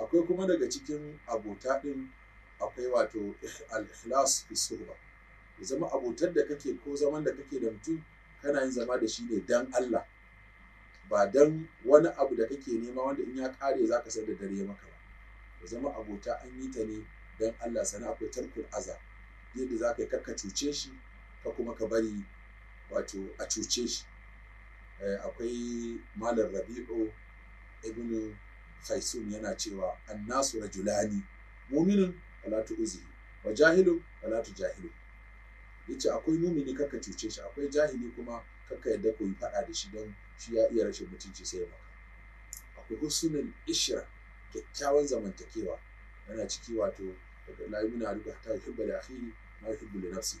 akwai kuma daga cikin abota ɗin akwai wato al-ikhlas fi suhba zama abotar da kake ko zaman da kake da mutum kana yin zama da shi ne dan Allah ba dan wani abu da kake nema wanda in ya kare zaka san da dare maka ba zama abota an yi ta ne dan Allah sana akwai tarkul aza yadda zaka kakka cuce shi ka kuma ka bari wato a cuce shi eh, akwai malam rabi'u ibnu khaisun yana cewa annasu rajulani muminin? wala tu'zihi wa jahilun wala tujahilu yace akwai mumini kaka cuce shi akwai jahili kuma kaka yadda ku yi faɗa da shi don shi ya iya rashin mutunci sai maka akwai husnul ishra kyakkyawan zamantakewa yana ciki wato la yumina ruka ta yuhibbu li akhihi ma yuhibbu li nafsihi